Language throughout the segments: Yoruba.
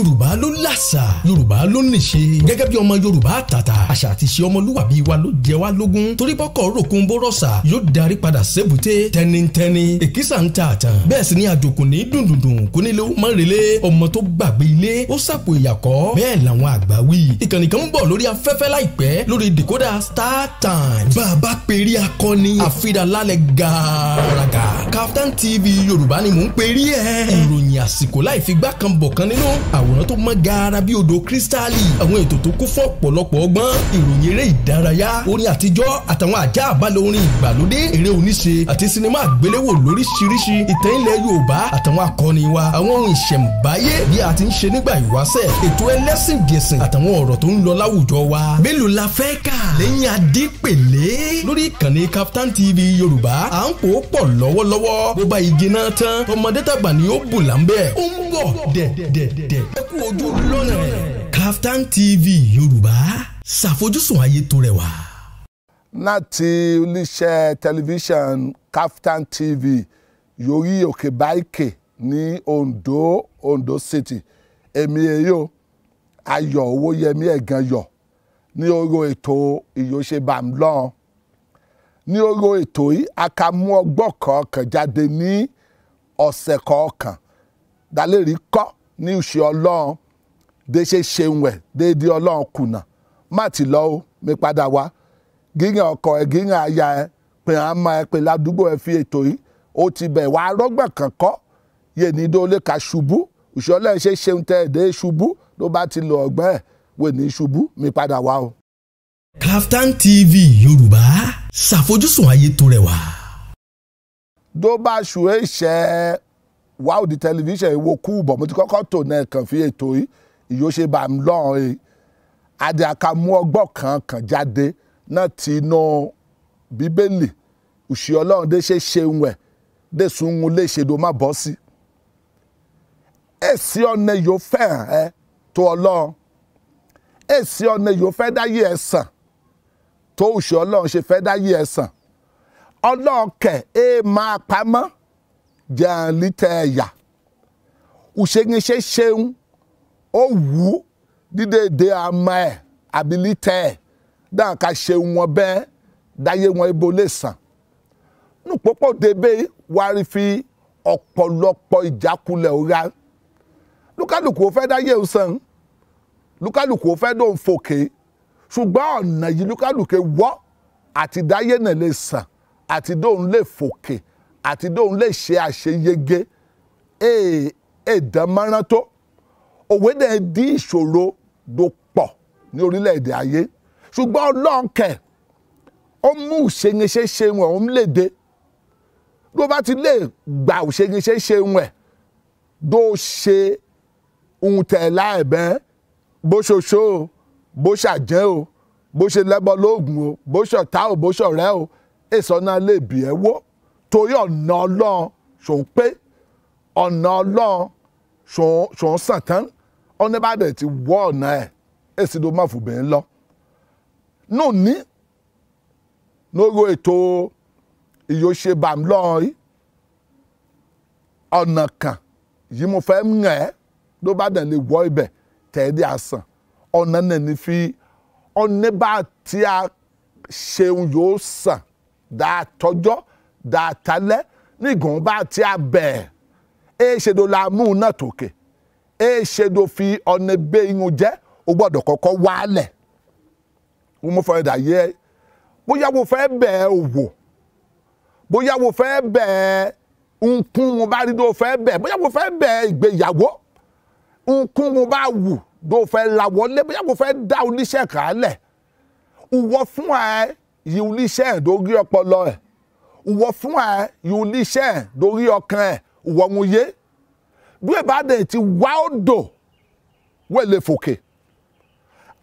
yorùbá ló làṣà yorùbá ló níṣe gẹ́gẹ́ bí ọmọ yorùbá àtàtà àṣà àti ṣe ọmọlúwàbí wa ló jẹ wá lógún torí bọ́kọ̀ ròkun bó rọ̀ṣà yóò darí padà sébùté tẹnitẹni èkìsà ń ta àtàn bẹ́ẹ̀ sì ni àjòkò ní dùndùndùn kó nílé ó mọ̀rẹ́lé ọmọ tó gbàgbé ilé ó sàpò ìyàkọ́ bẹ́ẹ̀ làwọn àgbà wí ìkànnì kan ń bọ̀ lórí afẹ́fẹ́ láìpẹ́ lórí decoder star time bàbá perí akọni àfidàlálẹ̀ gàràgà Kaftan TV yorùbá ni mò ń perí ẹ̀ ìròyìn àsìkò láì fi gbá kan bọ̀ kan nínú àwọn àwòrán tó mọ́ gaara bí odò kírísítálì àwọn ètò tó kún fún ọ̀pọ̀lọpọ̀ ọgbọ́n ìròyìn eré ìdárayá orin àtijọ́ àtàwọn àjá àbálẹ̀ orin ìgbàlódé eré oníṣe àti sinimá àgbéléwò lóríṣiríṣi ìtàn ilẹ̀ Yorùbá àtàwọn akọni wa àwọn ohun ìṣẹ̀ǹbáyé bí a ti ń ṣe nígbà ìwáṣẹ̀ ètò ẹlẹ́sìn gẹ̀sìn àtàwọn ọ̀rọ̀ tó ń lọ láwùjọ wa mélòó la fẹ́ kà lẹ́yìn adípèlé lórí ìkànnì Kaftan TV Yorùbá à ń kó pọ̀ lọ́wọ́lọ́wọ́ bó bá igi náà tán ọmọdé tàgbà ni ó bùn láńbẹ́ ó ń bọ̀ dẹ̀dẹ̀dẹ̀ kú ojú lọ́nà rẹ̀. Kaftan TV Yorùbá ṣàfojúsùn ayé tó rẹwà. láti iléeṣẹ́ tẹlifíṣàn Kaftan TV yorí òkè báìkè ní Ondo Ondo City èmi èyó ayọ̀ owóyẹmí ẹ̀gàn yọ̀ ní oró ètò ìyóṣe bàmlọ́n ní oró ètò yìí a ka mú ọgbọ́n kọ̀ọ̀kan jáde ní ọ̀sẹ̀ kọ̀ọ̀kan dalérí kọ́ ní ìṣe ọlọ́run déṣe ṣeun déédé ọlọ́run kùnà má ti lọ ó mi padà wá gígàn ọkọ ẹ gígàn aya ẹ pè á máa ẹ pè ládùúgbò ẹ fi ètò yìí ó ti bẹ̀ wá rọ́gbà kankọ́ yé ní dó ka ṣubú ìṣọ́lẹ̀ ṣe ṣeun tẹ́ ẹ̀ dé ṣubú ló bá ti lọ ọgbẹ́ ẹ̀ wè ní ṣubú mi padà wá o. Kaftan TV Yorùbá ṣàfojúsùn ayé tó rẹwà. tó bá ṣù é ṣẹ́ wáòdì tẹlifíṣàn èwo kú bọ̀ mo ti kọ́kọ́ tò náà kàn fi ètò yìí ìyóṣe bá ń lọ́rùn e adé akamú ọgbọ́n kan kan jáde náà ti inú bíbélì òṣì ọlọ́run dé ṣe ṣeun ẹ̀ dé sunun lè ṣèdò má bọ́ sí èsì ọ̀nà yóò fẹ́ hàn ẹ́ tó ọlọ́run èsì ọ̀nà yóò fẹ́ dáyé ẹ̀ sàn tó òṣì ọlọ́run ṣe fẹ́ dáyé ẹ̀ sàn ọlọ́ọ̀kẹ́ ẹ máa pamọ́ dzealitɛya usenyeseseu owu dídèdè ama ẹ abilitẹ ẹ dáhùn ká ṣe wọn bẹ́ẹ̀ dáyé wọn ibo lè sàn nùpọpọ débé wárí fi ọ̀pọ̀lọpọ̀ ìjákulẹ̀ ọra lukaluku ó fẹ́ dáyé ó sàn lukaluku ó fẹ́ dóun fòkè ṣùgbọ́n ọ̀nà yìí lukaluku wọ́ àti dáyé náà lè sàn àti dóun lè fòkè àti dóun lè ṣe àṣeyege èèdánmọ́rán tó òwe dẹ̀ di ìṣòro dopọ̀ ní orílẹ̀-èdè ayé ṣùgbọ́n ọlọ́run kẹ̀ ó mú ìṣeníṣe ṣe wọn òun léde ló bá ti lè gbà ìṣeníṣe ṣe wọn ẹ̀ dó ṣe ohun tẹ̀ láẹ̀bẹ́ bó ṣoṣo o bó ṣàjẹ́ o bó ṣe lẹ́bọ lóògùn o bó ṣọ̀tá o bó ṣọ̀rẹ́ o èso náà lè bì ẹ́ wó torí ọ̀nà ọlọ́run ṣòun pé ọ̀nà ọlọ́run ṣòun sàn tán ọ̀nà ìbàdàn ti wọ́ ọ̀nà ẹ̀ èsì ló má fòbìnrin lọ. nù ní lórí ètò ìyóṣe bàmílọ́run yìí ọ̀nà kan yìí mo fẹ́ ń rẹ̀ ẹ́ ló bá dẹ̀ lè wọ́ ibẹ̀ tẹ̀lé àsàn ọ̀nà náà ní fi ọ̀nà bá tí a ṣeun yóò sàn dáa tọ́jọ́ daatalɛ ne gɔn baa te abɛɛ ese do la mu na toke ese do fi ɔne be inu jɛ o gbọ́dọ̀ kọ́kọ́ waalɛ wọn mo fɔ ɛda yɛ bóyá wo fẹ́ bɛɛ owó bóyá wo fẹ́ bɛɛ nkún mo bá rí do fẹ́ bɛɛ bóyá wo fẹ́ bɛɛ ìgbéyàwó nkún mo bá wù do fẹ́ lawọlé bóyá wo fẹ́ dá oníṣẹ́ kan lẹ̀ wọ fún ẹ yìí oníṣẹ́ ẹ̀ dógí ọpọlọ ẹ̀ ìwọ fún ẹ yóò níṣẹ́ lórí ọkàn ẹ ìwọ ń yé bí ìbàdàn ti wá odò wẹ̀lẹ̀ fòkè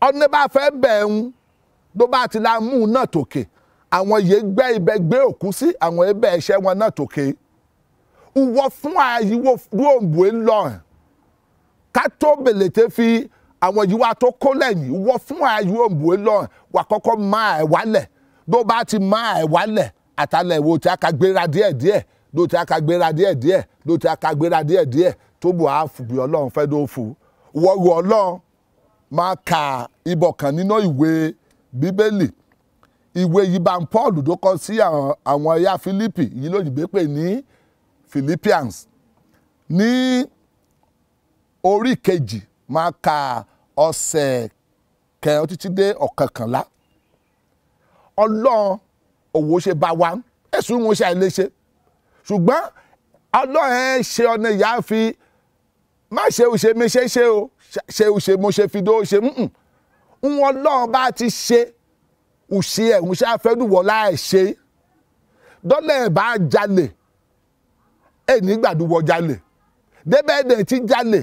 ọ̀nà bá fẹ́ bẹ̀ẹ̀ ń ló bá ti la mú un náà tòkè àwọn yìí gbẹ́ ibẹ̀ gbé òkú sí àwọn ibẹ̀ ẹ̀ṣẹ̀ wọn náà tòkè ìwọ fún àyíwò ròǹbù ń lọ rìn ká tó bèlèté fi àwọn yìí wá tó kó lẹ́yìn ìwọ fún àyíwò ròǹbù ń lọ rìn wà kọ́kọ́ máa ẹ̀ wálẹ̀ ló bá ti máa ẹ̀ wálẹ̀ àtàlẹ̀ wo tí a ka gbéra díẹ̀ díẹ̀ ló tí a ka gbéra díẹ̀ díẹ̀ ló tí a ka gbéra díẹ̀ díẹ̀ tó bù á fi ọlọ́run fẹ́ ló fò wọ́ọ̀rù ọlọ́run máa ka ibọ̀ kan nínú ìwé bíbélì ìwé yìí bá ń Paul tó kọ sí àwọn ẹ̀yà Fílípì yìí lóyìnbó pè ní Philippians ní orí kejì máa ka ọ̀sẹ̀ kẹrin títí dé ọ̀kọ̀kànlá ọlọ́run òwò ṣe bá wa ẹ̀sùn wọn ṣe àìlèṣe ṣùgbọ́n ọlọ́run ẹ̀ ṣe ọ̀nà ìyá fi má ṣe òṣè mi ṣe ṣe o ṣe òṣè mo ṣe fi dó ṣe ń wọn ọlọ́run bá ti ṣe òṣè ẹ̀hún ṣe àfẹ́dùwọ̀ láì ṣe dọ́lẹ̀ ẹ̀ bá jalè ẹ̀ nígbàdúwọ̀ jalè débẹ̀ ẹ̀ ti jalè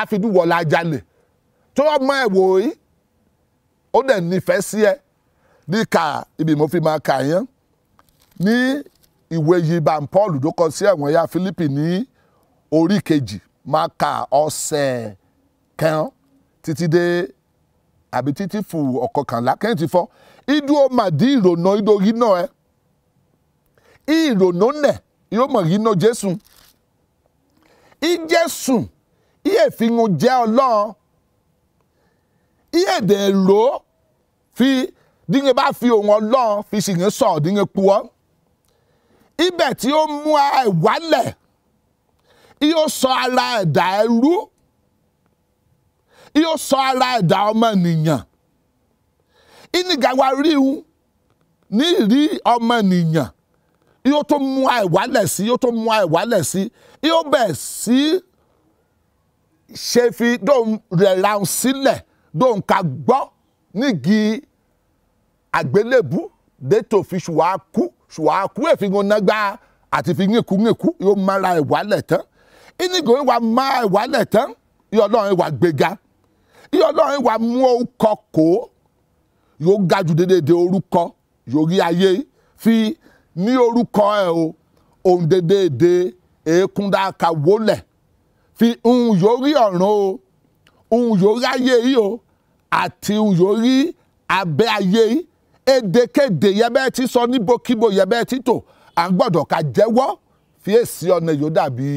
àfidúwọ̀ la jalè tó ọmọ ẹ̀ wò yìí ó dẹ̀ nífẹ̀ẹ́ sí ẹ ní ka ibi mo fi máa kà yẹn ní ìwé yìí bá Paul tó kọ sí àwọn ẹ̀yà Fílípì ní orí kejì máa ka ọ̀sẹ̀ kan títí dé àbí títí fù ọ̀kọ̀kànlá kẹ́hìn ti fọ́ iduo màdí ìrònà ìdórí náà ẹ ìrònà nẹ̀ yóò mọ̀ rí náà Jésù ìjẹ́sù ìyè fihàn jẹ́ ọlọ́run ìyè dẹ̀ rò fi díyẹn bá fi òun ọlọ́run fi sì yín sọ̀ díyẹn pu ọ́ ibẹ̀ tí ó mú ẹ wálẹ̀ yóò sọ ara ẹ̀dá ẹrú yóò sọ ara ẹ̀dá ọmọnìyàn ìnìgàwá ríhu ní ìrí ọmọnìyàn yóò tó mú ẹ wálẹ̀ sí yóò tó mú ẹ wálẹ̀ sí yóò bẹ̀ sí ṣe fi dóun rẹ̀ ra sílẹ̀ dóun ká gbọ́ nígi àgbélébù dètò fi ṣùwàkú ṣùwàkú èfihàn nàgbà àti fi ńkú ńkú yóò mara ìwálẹ̀ tán inigo ìwà má ìwálẹ̀ tán yóò ọlọ́run ìwà gbéga yóò ọlọ́run ìwà mú orúkọ kó yóò ga jù dédédé orúkọ yóò rí ayé fi ní orúkọ ẹ o òun dédédé èékúndàkà wólẹ̀ fi ohun yóò rí ọ̀run o ohun yóò rí ayé yìí o àti ohun yóò rí abẹ́ ayé yìí èdèkéde yẹ bẹ́ẹ̀ ti sọ níbokíbo yẹ bẹ́ẹ̀ ti tò à ń gbọ́dọ̀ ká jẹ́wọ́ fi èsì ọ̀nà yóò dàbí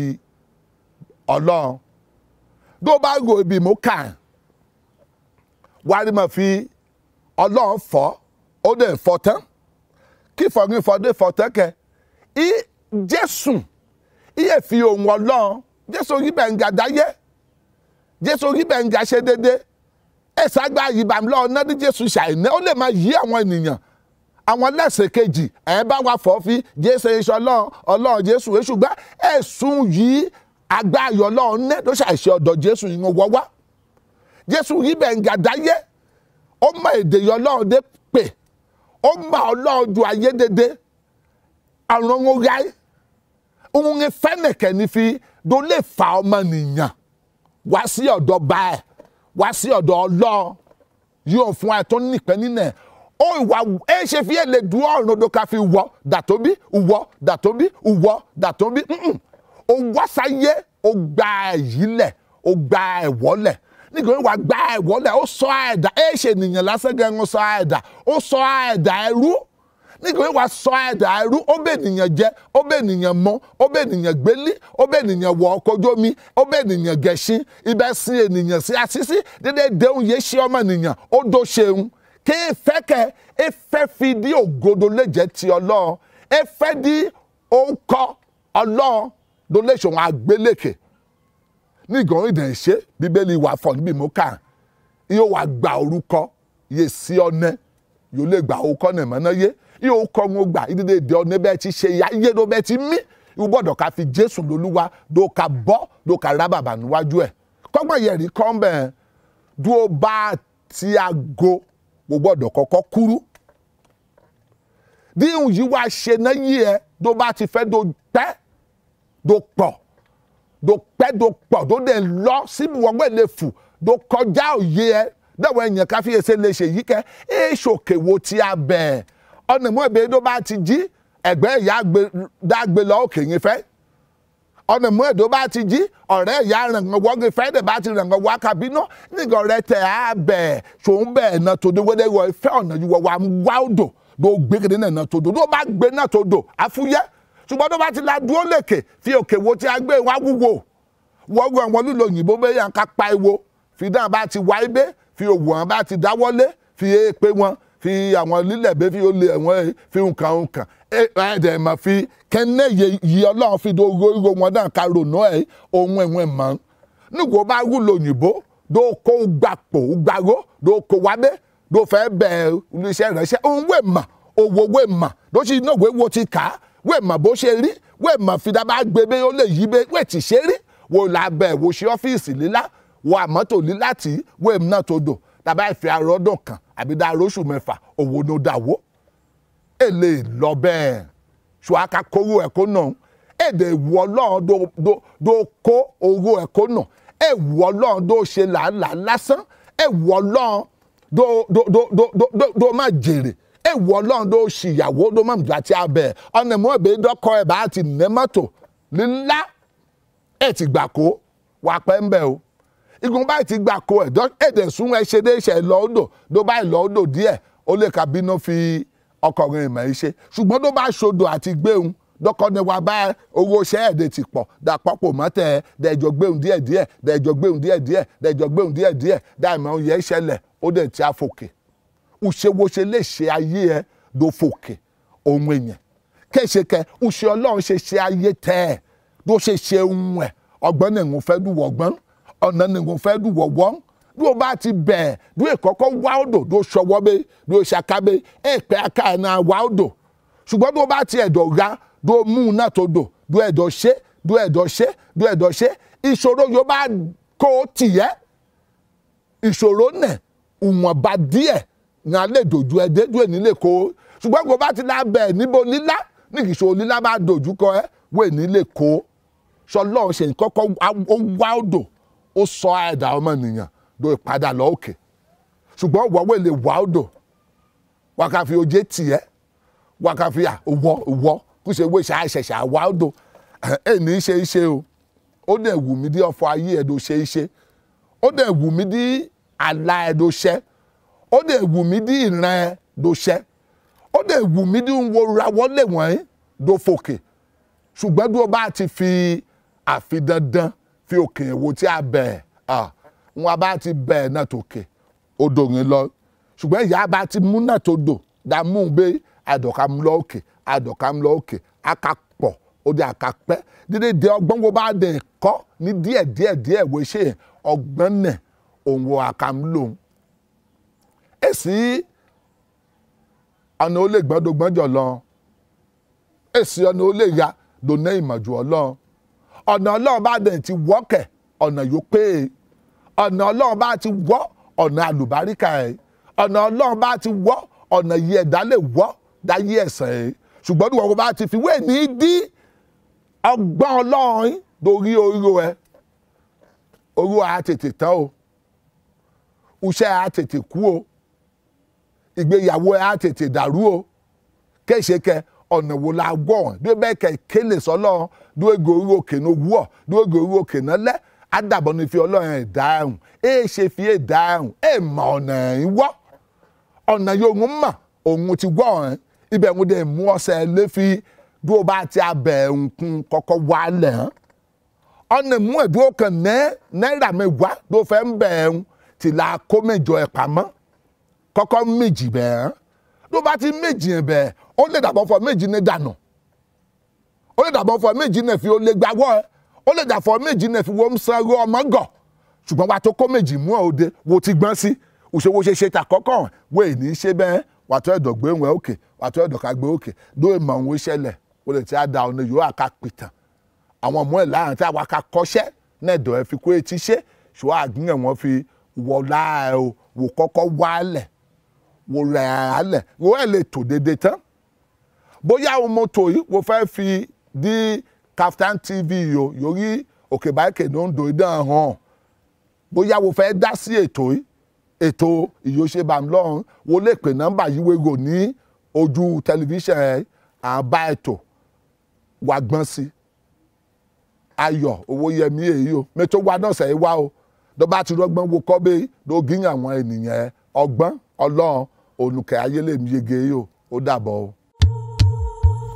ọlọ́run tó bá ro ibi mú kàn wárí mọ̀ fi ọlọ́run fọ́ ó dẹ̀ fọ́ tán kí fọ̀rin fọdé fọ́ tán kẹ í jésù iye fi ohun ọlọ́run jésù orí bẹ̀ ń gàdáyé jésù orí bẹ̀ ń gàṣe déédéé ẹ ṣàgbà ìbàmílọ ọ̀nà ní jésù ṣàìná ó lè máa yí àwọn ènìyàn àwọn lẹ́sẹ̀ kejì ẹ̀ bá wa fọ́ fi jésù iṣẹ́ ọlọ́run ọlọ́run jésù ṣùgbọ́n ẹ̀sùn yìí agbáyọ̀ ọlọ́run ní ló ṣàìṣe ọ̀dọ̀ jésù yìí wọ́n wá jésù yìí bẹ̀ ń gàdáyé ó mọ èdè yọ ọlọ́run dé pè ó mọ ọlọ́run ju ayédèdè àrùn òun yáyé òun ní fẹ́nẹ̀kẹ́ ní fi dolè fa ọmọ nìyàn wá sí ọ̀dọ̀ báyìí wá sí ọ̀dọ̀ ọlọ́ yóò fún ẹ tó nípẹ́ nínẹ̀ ó ìwà ẹ ṣe fi ẹ lè dúró ọ̀run odò ká fi wọ dàtóbí wọ dàtóbí wọ dàtóbí ó wá sáyé o gba èyí lẹ̀ ó gba ẹ̀wọ́ lẹ̀ nígbà wíwá gba ẹ̀wọ́ lẹ̀ ó sọ ẹ̀dá ẹ ṣe ènìyàn lásán gẹ́gẹ́ ń sọ ẹ̀dá ó sọ ẹ̀dá ẹrú nígbà wàá sọ ẹ̀dà ẹrú ó bẹ̀ nìyẹn jẹ ó bẹ̀ nìyẹn mọ́ ó bẹ̀ nìyẹn gbélé ó bẹ̀ nìyẹn wọ ọkọ̀ ojú omi ó bẹ̀ nìyẹn gẹ̀ṣin ibẹ̀ sin ènìyàn sí asísí dédé déhùn yé ṣe ọmọ ènìyàn ó dó ṣeun kí ìfẹ́ kẹ ìfẹ́ fi dí ògodo lè jẹ́ ti ọlọ́run ìfẹ́ dí òǹkọ ọlọ́run ló àgbélékè nígbà orin dẹ̀ bíbélì wà fọ̀ níbi mú kàn yóò wá gba orúkọ yè sí ọ̀nẹ́ yóò lè gba orúkọ nàìmọ́náyé ihe ụkọ nwogba idide dị ọnụ ebe echi ṣe ya iye ló bẹ ti mí ìwọ gbọ́dọ̀ ká fi jésù lólúwa ló ka bọ́ ló ka rá bàbà níwájú ẹ̀ kọ́gbọ́n yẹn rí kọ́ mẹ́ dúró bá ti aago o gbọ́dọ̀ kọ́kọ́ kúrú bí ìhùn yìí wá ṣe náà yí ẹ tó bá ti fẹ́ tó pẹ́ tó pọ̀ tó dẹ̀ lọ síbi wọ́gbẹ́ lè fù tó kọjá òye ẹ dáwọn èèyàn káfíyèsí lè ṣèyí kẹ́ èèṣòkèwò tí a bẹ̀ẹ́ ọ̀nà mú ẹ̀bẹ̀ èdò bá ti jí ẹ̀gbẹ́ ìyá dágbé lọ òkè yín fẹ́ ọ̀nà mú ẹ̀dọ́ bá ti jí ọ̀rẹ́ ìyá ràngànwọ́ gé fẹ́ dẹ̀ bá ti ràngànwọ́ kábínú nígbà ọ̀rẹ́ tẹ̀ á bẹ̀ ṣòun bẹ̀ ẹ̀nà tó dé wẹ́dẹ́ wọ ìfẹ́ ọ̀nà yìí wọ wà ń wá odò ló gbé kéde náà tó dò ló bá gbé náà tó dò àfúyẹ́ ṣùgbọ́n tó bá ti la dúró lèkè fi òkè wo tí a gbé wá wúwo wọ́gbọ̀n wọn lílo òyìnbó bẹ́yà ká pa ewo fi dáhùn bá ti wá ibé fi òwò hàn bá ti dáwọ́lé fi èèpẹ̀ wọn fi àwọn lílẹ̀ bẹ́ẹ̀ fi ó lé ẹ̀wọ̀n fi nǹkan nǹkan ẹ̀ẹ́dẹ̀ mà fi kẹ́nẹ́ yí ọlọ́run fi do oríro wọn náà ka ronú ẹ̀ ohun ẹ̀wọ̀n mọ́ nígbà ó bá wúlò òyìnbó ló kó gbapò gbaró ló kó wábẹ́ ló fẹ́ bẹ̀ẹ́ iṣẹ́ rẹ̀ ṣe ohun wẹ̀ mà owó wẹ̀ mà ló ṣe náà wẹ̀ wo ti kà á wẹ̀ mà bó ṣe rí wẹ̀ mà fi dábàá gbé bẹ́ẹ̀ ó lè yí bẹ́ẹ̀ wẹ̀ tì ṣe rí wo làbẹ̀ wo ṣe ọ́fíìsì lílá wo àmọ́tò lílá tì í wẹ̀ náà tàbá ìfẹ́ àrọ́dún kan àbí dá aróṣù mẹ́fà òwò ló dà wó èlé lọ bẹ́ẹ̀ ṣùgbọ́n kóró ẹ̀kọ́ náà èdè ìwọ ọlọ́run tó kó oró ẹ̀kọ́ náà èwù ọlọ́run tó ṣe làálàá lásán èwù ọlọ́run tó má jèrè èwù ọlọ́run tó ṣìyàwó tó má gbà tí a bẹ̀ ọ̀nà ìmú ẹ̀bẹ̀ dọ́kọ̀ ẹ̀ bá ti nẹ́ mọ́tò lílá ẹ̀ ti gbà kó wà pẹ́ ń bẹ̀ o igun báyìí ti gbà ko ẹ̀dọ́ èdè sún ẹṣẹ́ dé iṣẹ́ lọ odò tó báyìí lọ odò díẹ̀ ó lè ka bínú fi ọkọ̀rin ìmọ̀ iṣẹ́ ṣùgbọ́n tó bá ṣodò àti gbéhùn dọ́kọ́ ni wàá bá owó iṣẹ́ ẹ̀dẹ̀ ti pọ̀ dàpọ̀ pò mọ́ tẹ̀ ẹ́ dẹ̀jọ́ gbéhùn díẹ̀ díẹ̀ dẹ̀jọ́ gbéhùn díẹ̀ díẹ̀ dẹ̀jọ́ gbéhùn díẹ̀ díẹ̀ dàìmọ̀ yẹn ṣẹlẹ̀ ó dẹ̀ ti àfòkè òṣèwòṣe lè ṣe ayé ẹ ló fòkè ohun èèyàn kéṣekẹ òṣè ọlọ́run ṣe ṣe ayé tẹ́ ẹ ló ṣe ṣe ohun ẹ ọgbọ́n náà fẹ́ lù wọ́gbọ́n ọ̀nà nìkan fẹ́ du wọ̀wọ́ bí o bá ti bẹ̀ẹ̀ bí o kọ́kọ́ wá odò bí o sọwọ́ bẹ́ bí o ṣàkábẹ́ ẹ̀ pẹ́ aká ẹ̀ náà wá odò ṣùgbọ́n bí o bá ti ẹ̀dọ̀ ra bí o mú un náà tó dò bí o ẹ̀dọ̀ ṣe bí o ẹ̀dọ̀ ṣe bí o ẹ̀dọ̀ ṣe ìṣòro yóò bá kó o tìyẹ́ ìṣòro nẹ̀ ìwọ̀nba díẹ̀ ní alẹ́ dojú ẹ dé dúró nílé kó o ṣùgbọ́n bí o bá ti lábẹ́ níbo lílá ní ìṣòro ó sọ ẹ̀dá ọmọnìyàn do ìpadà lọ òkè ṣùgbọ́n wọ́wọ́ lè wà ó dò wákàfi ojé tiẹ̀ wákàfi àwọ̀ ìwọ́ kó ṣe wé ṣàṣẹṣà wà ó dò ẹ̀ ní ṣe é ṣe o ó dẹ̀ wù mí dí ọ̀fọ̀ ayé ẹ̀dọ̀ ṣe é ṣe ó dẹ̀ wù mí dí àlá ẹ̀dọ̀ ṣẹ́ ó dẹ̀ wù mí dí ìran ẹ̀dọ̀ ṣẹ́ ó dẹ̀ wù mí dí wo rawọ́ wọ̀nyí do fòkè ṣùgbọ́n bí bá ti fi àfi dandan fi òkè wo tí a bẹ̀ wọn bá ti bẹ̀ náà tó kè odò yẹn lọ ṣùgbọ́n ìyá bá ti mú náà tó dò dààmú bẹ́ àdọ̀ká mú lọ òkè àdọ̀ká mú lọ òkè akapọ̀ ó di àkàpẹ́ dídé dé ọgbọ́n wo bá dẹ̀ kọ́ ní díẹ̀ díẹ̀ díẹ̀ wo ṣe ọgbọ́n nẹ̀ òun wo àkàmúlò èsì ọ̀nà ó lè gbọ́dọ̀ gbọ́dọ̀ lọ èsì ọ̀nà ó lè ya dòná ìmọ̀jù ọlọ́run ọ̀nà ọlọ́run bá dẹ̀ ti wọ́ kẹ̀ ọ̀nà yóò pé e ọ̀nà ọlọ́run bá ti wọ́ ọ̀nà àlùbáríkà ẹ̀ ọ̀nà ọlọ́run bá ti wọ́ ọ̀nà yìí ẹ̀dá lè wọ́ dáyé ẹ̀sẹ̀ ẹ̀ ṣùgbọ́n ní wọ́n bá ti fi wé ní dí ọgbọ́n ọlọ́run lórí oró ẹ̀ oró a tètè tán o iṣẹ́ a tètè kú o ìgbéyàwó ẹ̀ a tètè dàrú o kéṣe kẹ ọ̀nà wo la gbọ́ wọn bí ó bẹ́ẹ̀ kẹ́ kéle sọ́lọ́ dúró gorí òkè ní owó dúró gorí òkè náà lẹ́ àdàbọ̀ ní fi ọlọ́run ẹ̀ dáhùn ẹ̀ ṣe fi ẹ̀ dáhùn ẹ̀ mọ ọ̀nà ẹ̀ wọ́ ọ̀nà yòówù mà òun ti gbọ́ ọ̀hún ibẹ̀ ń dẹ̀ mú ọ̀sẹ̀ léfi dúró bá ti abẹ̀ nkun kọ́kọ́ wá lẹ̀ hàn ọ̀nà mú ẹ̀ dúró kàn ná náírà mẹ́wàá ló fẹ́ ń bẹ̀ ẹ̀ ti la kó mẹ́jọ ẹ̀ pamọ́ kọ́kọ́ méjì bẹ̀ hàn ló bá ti méjì bẹ̀ ó lè dàbọ̀ fọ méjì ní dànù ó lè dàbọ̀ fọ méjì náà fi ó lè gbàwọ́ ẹ ó lè dàfọ méjì náà fi wọ́n san ru ọmọ gọ̀ ṣùgbọ́n wa tó kó méjì mú ọ òde wo ti gbọ́n sí òṣèwò ṣe ṣe tà kọ́kọ́ wo èyí ní í ṣe bẹ́ẹ̀ wà tó ẹ̀dọ̀ gbé wọn òkè wà tó ẹ̀dọ̀ ká gbé òkè ló ìmọ̀ òun ṣẹlẹ̀ ó lè ti á da ọ̀nà yòówà ká pìtàn àwọn ọmọ ẹ̀ láàrin tí àwa ká kọ́ṣẹ́ náà ẹ̀dọ̀ ẹ̀ fi kó etí ṣe ṣùgbọ́n àgbìyàn wọn fi wọ láàrẹ̀ o wò kọ́kọ́ wálẹ̀ wò rẹ̀ àálẹ̀ wò ẹ̀ lè tò déédéé tán bóyá àwọn mọ́tò yìí wọ́n fẹ́ fi di Kaftan TV yòó yorí òkè báyìí ló ń do idán hàn bóyá wọ́n fẹ́ dá sí ètò yìí ètò ìyóṣebàmílọ́run wọ́n lè pè nọ́mbà yìí wégo ní ojú tẹlifíṣàn àbá ètò wà gbọ́n sí ayọ̀ owó yẹmí èyí o mẹ́tò wa náà sẹ́yìn wá o dọ́bà ti rọ́gbọ́n wo kọ́bé lógin àwọn ènìyàn ọgbọ́n ọlọ́run olùkẹ́ ayélujára yìí o ó dàbọ̀ o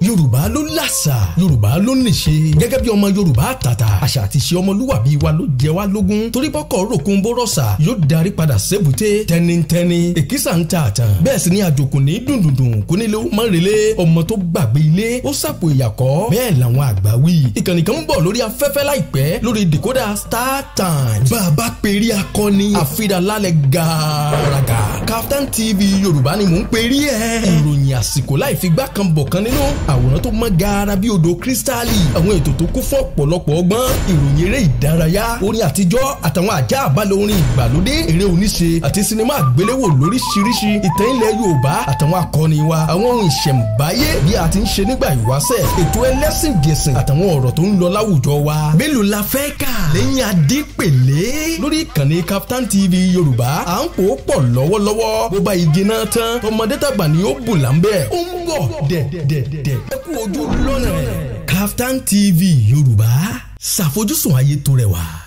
yorùbá ló làṣà yorùbá ló níṣe gẹ́gẹ́ bí ọmọ yorùbá àtàtà àṣà àti ṣe ọmọlúwàbí wa ló jẹ wá lógún torí bọ́kọ̀ ròkun bórọ̀ṣà yóò darí padà sébùté tẹnitẹni èkìsà ń ta àtàn bẹ́ẹ̀ sì ni àjòkò ní dùndùndùn kò nílé ó mọ̀rẹ́lé ọmọ tó gbàgbé ilé ó sàpò ìyàkọ́ bẹ́ẹ̀ làwọn àgbà wí ìkànnì kan ń bọ̀ lórí afẹ́fẹ́ láìpẹ́ lórí decoder star time bàbá perí akọni àfidàlálẹ̀ gàràgà Kaftan TV yorùbá ni mò ń perí ẹ̀ ìròyìn àsìkò láì fi gbá kan bọ̀ kan nínú à àwòrán tó mọ́ gaara bí odò kírísítálì àwọn ètò tó kún fún ọ̀pọ̀lọpọ̀ ọgbọ́n ìròyìn eré ìdárayá orin àtijọ́ àtàwọn àjá àbálẹ̀ orin ìgbàlódé eré oníṣe àti sinimá àgbéléwò lóríṣiríṣi ìtàn ilẹ̀ Yorùbá àtàwọn akọni wa àwọn ohun ìṣẹ̀ǹbáyé bí a ti ń ṣe nígbà ìwáṣẹ̀ ètò ẹlẹ́sìn gẹ̀sìn àtàwọn ọ̀rọ̀ tó ń lọ láwùjọ wa mélòó la fẹ́ kà lẹ́yìn adípèlé lórí ìkànnì captain TV Yorùbá à ń pò ó pọ̀ lọ́wọ́lọ́wọ́ bó bá igi náà tán ọmọdé tàgbà ni ó bùn láńbẹ́ ó ń bọ̀ dẹ̀dẹ̀dẹ̀ ẹ kú ojú lọ́nà. Kaftan TV Yorùbá ṣàfojúsùn ayé tó rẹwà.